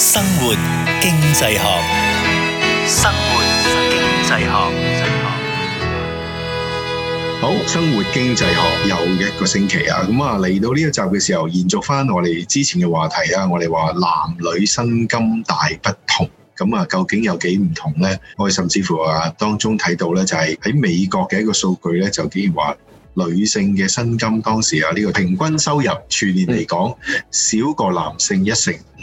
生活經濟學，生活經濟學，好，生活經濟學又一個星期啊，咁啊嚟到呢一集嘅時候，延續翻我哋之前嘅話題啊，我哋話男女薪金大不同，咁啊究竟有幾唔同咧？我哋甚至乎啊當中睇到咧，就係喺美國嘅一個數據咧，就竟然話。女性嘅薪金當時啊，呢個平均收入全年嚟講少過男性一成五，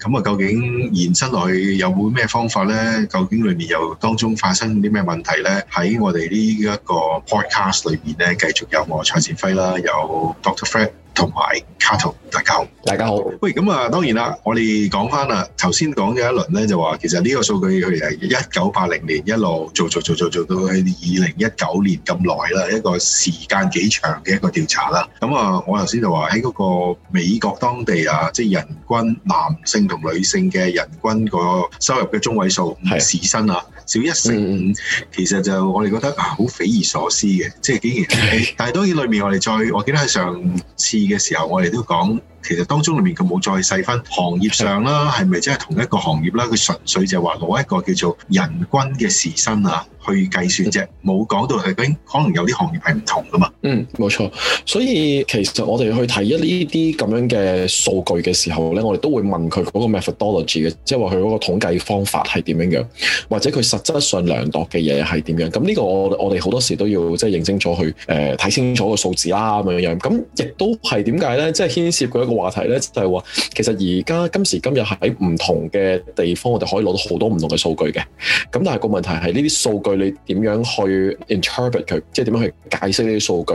咁啊究竟延伸去有冇咩方法呢？究竟裡面又當中發生啲咩問題呢？喺我哋呢一個 podcast 裏面呢，繼續有我蔡志輝啦，有 Doctor Fred。同埋，卡托，大家好，大家好。喂，咁啊，當然啦，我哋講翻啦，頭先講咗一輪咧，就話其實呢個數據佢係一九八零年一路做做做做做，做到喺二零一九年咁耐啦，一個時間幾長嘅一個調查啦。咁啊，我頭先就話喺嗰個美國當地啊，即係人均男性同女性嘅人均個收入嘅中位數，的時薪啊。少一成五，嗯、其實就我哋覺得啊，好匪夷所思嘅，即係竟然。的但係當然，裡面我哋再，我記得喺上次嘅時候，我哋都講。其實當中裡面佢冇再細分行業上啦，係咪即係同一個行業啦？佢純粹就係話攞一個叫做人均嘅時薪啊去計算啫，冇講到係，可能有啲行業係唔同噶嘛。嗯，冇錯。所以其實我哋去睇一呢啲咁樣嘅數據嘅時候咧，我哋都會問佢嗰個 methodology 嘅，即係話佢嗰個統計方法係點樣樣，或者佢實質上量度嘅嘢係點樣。咁呢個我我哋好多時都要即係認清楚去誒睇清楚個數字啦咁樣樣。咁亦都係點解咧？即係牽涉到一個。話題咧就係話，其實而家今時今日喺唔同嘅地方，我哋可以攞到好多唔同嘅數據嘅。咁但係個問題係呢啲數據你點樣去 interpret 佢，即係點樣去解釋呢啲數據，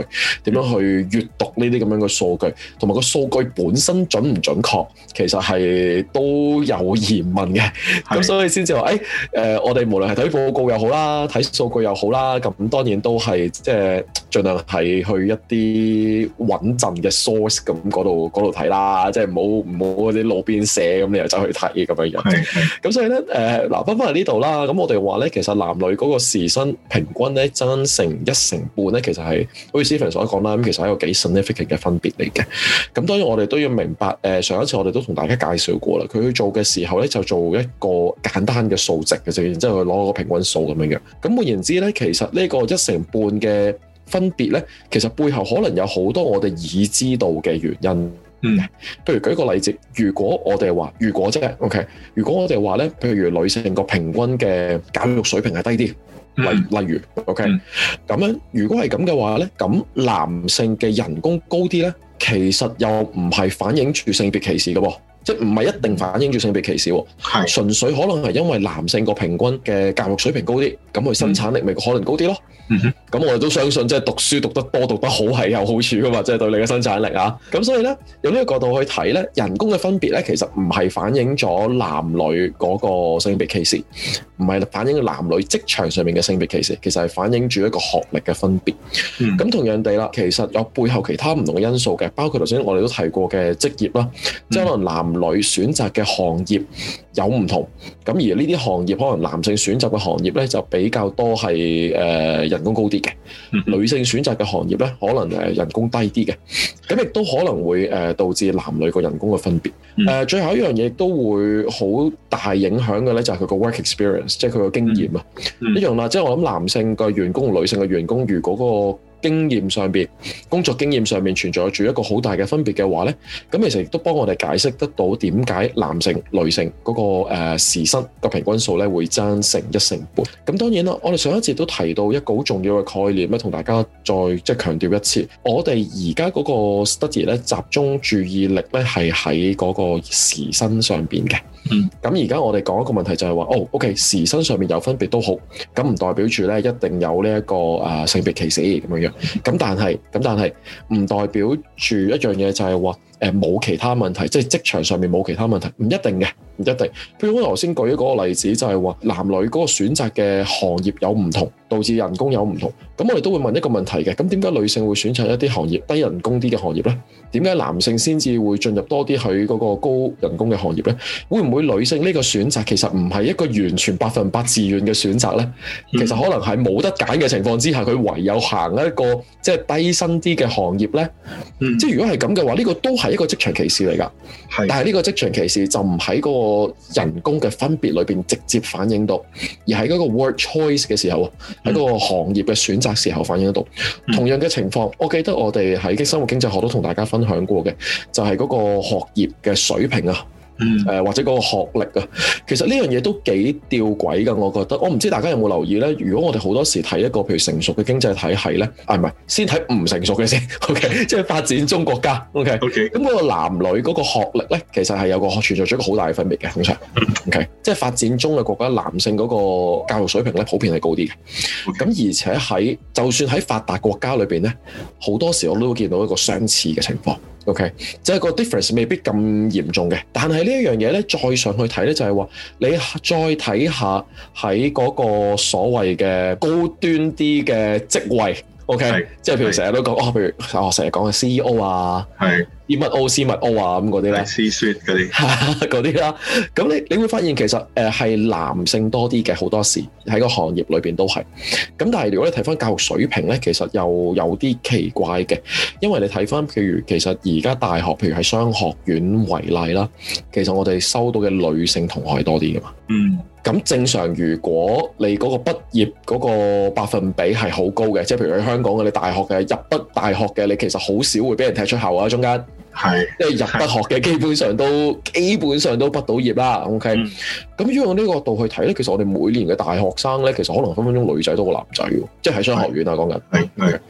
點樣去閱讀呢啲咁樣嘅數據，同埋個數據本身準唔準確，其實係都有疑問嘅。咁是的 所以先至話，誒、欸，誒、呃，我哋無論係睇報告又好啦，睇數據又好啦，咁當然都係即係盡量係去一啲穩陣嘅 source 咁嗰度度睇。啦，即係唔好唔好，你路邊寫咁，你又走去睇咁樣樣。咁的所以咧，誒、呃，嗱，翻翻嚟呢度啦。咁我哋話咧，其實男女嗰個時薪平均咧爭成一成半咧，其實係好似 Stephen 所講啦。咁其實係一個幾 significant 嘅分別嚟嘅。咁當然我哋都要明白，誒、呃，上一次我哋都同大家介紹過啦，佢去做嘅時候咧就做一個簡單嘅數值嘅啫，然之後攞個平均數咁樣樣。咁換言之咧，其實呢個一成半嘅分別咧，其實背後可能有好多我哋已知道嘅原因。嗯，譬如舉個例子，如果我哋話，如果啫，OK，如果我哋話咧，譬如女性個平均嘅教育水平係低啲，例例如，OK，咁、嗯、樣如果係咁嘅話咧，咁男性嘅人工高啲咧，其實又唔係反映住性別歧視噶噃、啊。即唔係一定反映住性別歧視喎，是純粹可能係因為男性個平均嘅教育水平高啲，咁佢生產力咪可能高啲咯。咁、嗯、哼我哋都相信即係讀書讀得多、讀得好係有好處噶嘛，即、就、係、是、對你嘅生產力啊。咁所以咧，由呢個角度去睇咧，人工嘅分別咧，其實唔係反映咗男女嗰個性別歧視，唔係反映男女職場上面嘅性別歧視，其實係反映住一個學歷嘅分別。咁、嗯、同樣地啦，其實有背後其他唔同嘅因素嘅，包括頭先我哋都提過嘅職業啦，嗯、即係可能男女選擇嘅行業有唔同，咁而呢啲行業可能男性選擇嘅行業咧就比較多係誒、呃、人工高啲嘅，女性選擇嘅行業咧可能誒人工低啲嘅，咁亦都可能會誒、呃、導致男女個人工嘅分別。誒、呃、最後一樣嘢都會好大影響嘅咧，就係佢個 work experience，即係佢個經驗啊一樣啦。即係我諗男性嘅員工、女性嘅員工，如果個經驗上邊，工作經驗上面存在住一個好大嘅分別嘅話呢，咁其實亦都幫我哋解釋得到點解男性、女性嗰個誒時薪個平均數咧會爭成一成半。咁當然啦，我哋上一節都提到一個好重要嘅概念咧，同大家再即係強調一次，我哋而家嗰個 study 咧集中注意力呢，係喺嗰個時薪上邊嘅。咁而家我哋講一個問題就係話，哦，OK，時薪上面有分別都好，咁唔代表住呢一定有呢、這、一個誒、啊、性別歧視咁樣。咁 但係，咁但係唔代表住一樣嘢就係、是、話。誒冇其他問題，即係職場上面冇其他問題，唔一定嘅，唔一定。譬如我頭先舉嗰個例子，就係話男女嗰個選擇嘅行業有唔同，導致人工有唔同。咁我哋都會問一個問題嘅，咁點解女性會選擇一啲行業低人工啲嘅行業呢？點解男性先至會進入多啲佢嗰個高人工嘅行業呢？會唔會女性呢個選擇其實唔係一個完全百分百自願嘅選擇呢？其實可能係冇得揀嘅情況之下，佢唯有行一個即係低薪啲嘅行業呢。嗯、即係如果係咁嘅話，呢個都係。係一個職場歧視嚟㗎，但係呢個職場歧視就唔喺嗰個人工嘅分別裏邊直接反映到，而喺嗰個 work choice 嘅時候啊，喺個行業嘅選擇時候反映到。同樣嘅情況，我記得我哋喺《生活經濟學》都同大家分享過嘅，就係、是、嗰個學業嘅水平啊。嗯，誒或者嗰個學歷啊，其實呢樣嘢都幾吊詭噶，我覺得。我唔知大家有冇留意咧？如果我哋好多時睇一個譬如成熟嘅經濟體系咧，啊唔係，先睇唔成熟嘅先，OK，即係發展中國家，OK，OK。咁嗰個男女嗰個學歷咧，其實係有個存在咗一個好大嘅分別嘅，通常，OK， 即係發展中嘅國家男性嗰個教育水平咧，普遍係高啲嘅。咁 Okay. 而且喺就算喺發達國家裏邊咧，好多時我都會見到一個相似嘅情況。OK，即係個 difference 未必咁嚴重嘅，但係呢一樣嘢咧，再上去睇咧，就係、是、話你再睇下喺嗰個所謂嘅高端啲嘅職位，OK，是即係譬如成日都講，是哦，譬如我成日講嘅 CEO 啊，係。而物傲斯物，我啊，咁嗰啲咧，師尊嗰啲，嗰啲啦。咁你，你會發現其實，誒、呃、係男性多啲嘅，好多時喺個行業裏邊都係。咁但係如果你睇翻教育水平咧，其實又有啲奇怪嘅，因為你睇翻譬如其實而家大學，譬如係商學院為例啦，其實我哋收到嘅女性同學係多啲嘅嘛。嗯。咁正常，如果你嗰個畢業嗰個百分比係好高嘅，即係譬如喺香港嘅你大學嘅入不大學嘅，你其實好少會俾人踢出校啊，中間。係，即係入不學嘅，基本上都基本上都畢到業啦。OK，咁用呢個角度去睇咧，其實我哋每年嘅大學生咧，其實可能分分鐘女仔都好，男仔，即係喺商學院啊講緊。係係是。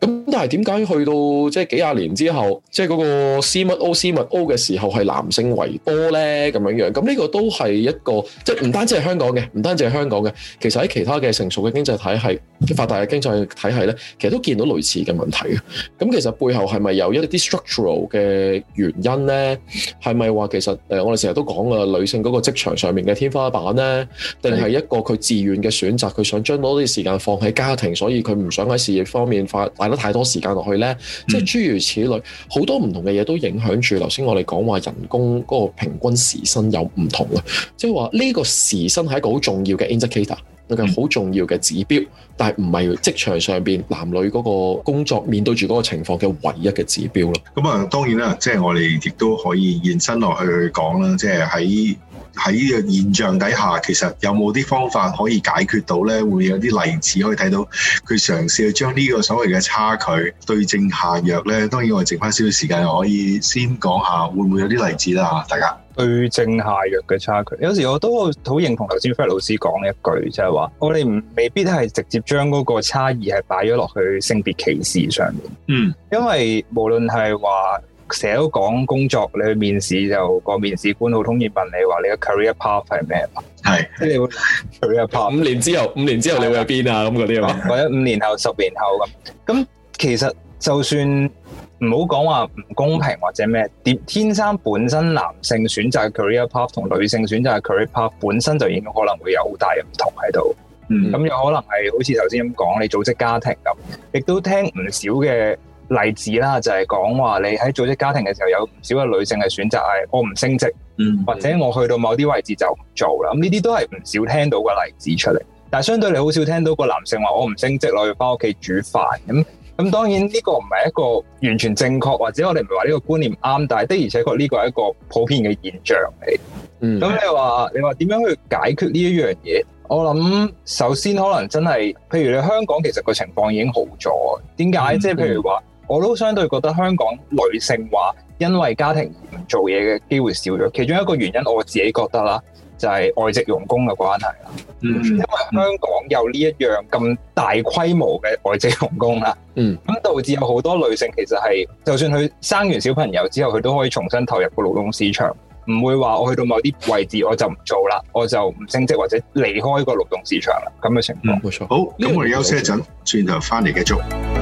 咁。Okay? 但係點解去到即係幾廿年之後，即係嗰個 CMO CMO 嘅時候係男性為多咧咁樣樣，咁呢個都係一個即係唔單止係香港嘅，唔單止係香港嘅，其實喺其他嘅成熟嘅經濟體系、發達嘅經濟體系咧，其實都見到類似嘅問題嘅。咁其實背後係咪有一啲 structural 嘅原因咧？係咪話其實誒、呃、我哋成日都講啊，女性嗰個職場上面嘅天花板咧，定係一個佢自願嘅選擇，佢想將多啲時間放喺家庭，所以佢唔想喺事業方面發大得太多？時間落去咧，即係諸如此類，好多唔同嘅嘢,都影響住。頭先我哋講話人工嗰個平均時薪有唔同啦，即係話呢個時薪係一個好重要嘅 indicator，、嗯、一個好重要嘅指標，但係唔係職場上邊男女嗰個工作面對住嗰個情況嘅唯一嘅指標咯。咁啊、嗯，當然啦，即係我哋亦都可以延伸落去去講啦，即係喺。喺呢個現象底下，其實有冇啲方法可以解決到呢？會，會有啲例子可以睇到佢嘗試去將呢個所謂嘅差距對症下藥呢？當然我哋剩返少少時間，可以先講下會唔會有啲例子啦，大家對症下藥嘅差距。有時我都好認同頭先 F 老師講嘅一句，就係、是、話我哋未必係直接將嗰個差異係擺咗落去性別歧視上面。嗯，因為無論係話。成日都講工作，你去面試，就個面試官好通常問你話你嘅 care、er、的 career path 係咩嘛？係，即係你會 career path 五年之後， 五年之後你會有邊啊？咁嗰啲啊嘛，或者五年後、 十年後咁。咁其實就算唔好講話唔公平或者咩，天天生本身男性選擇 career path 同女性選擇 career path 本身就已經可能會有好大嘅唔同喺度。嗯，咁有可能係好似頭先咁講，你組織家庭咁，亦都聽唔少嘅。例子啦，就係講話你喺組織家庭嘅時候，有唔少嘅女性嘅選擇係我唔升職，mm hmm. 或者我去到某啲位置就唔做啦。咁呢啲都係唔少聽到嘅例子出嚟。但係相對你好少聽到個男性話我唔升職，我要翻屋企煮飯咁。咁當然呢個唔係一個完全正確，或者我哋唔係話呢個觀念啱，但係的而且確呢個係一個普遍嘅現象嚟。咁、mm hmm. 你話你話點樣去解決呢一樣嘢？我諗首先可能真係，譬如你香港其實個情況已經好咗。點解？即係、mm hmm. 譬如話。我都相對覺得香港女性話因為家庭而唔做嘢嘅機會少咗，其中一個原因我自己覺得啦，就係外籍傭工嘅關係啦。嗯，因為香港有呢一樣咁大規模嘅外籍傭工啦。嗯，咁導致有好多女性其實係，就算佢生完小朋友之後，佢都可以重新投入個勞動市場，唔會話我去到某啲位置我就唔做啦，我就唔升職或者離開個勞動市場啦。嗯。咁嘅情況。冇錯。好，咁我哋休息一陣，轉頭翻嚟繼續。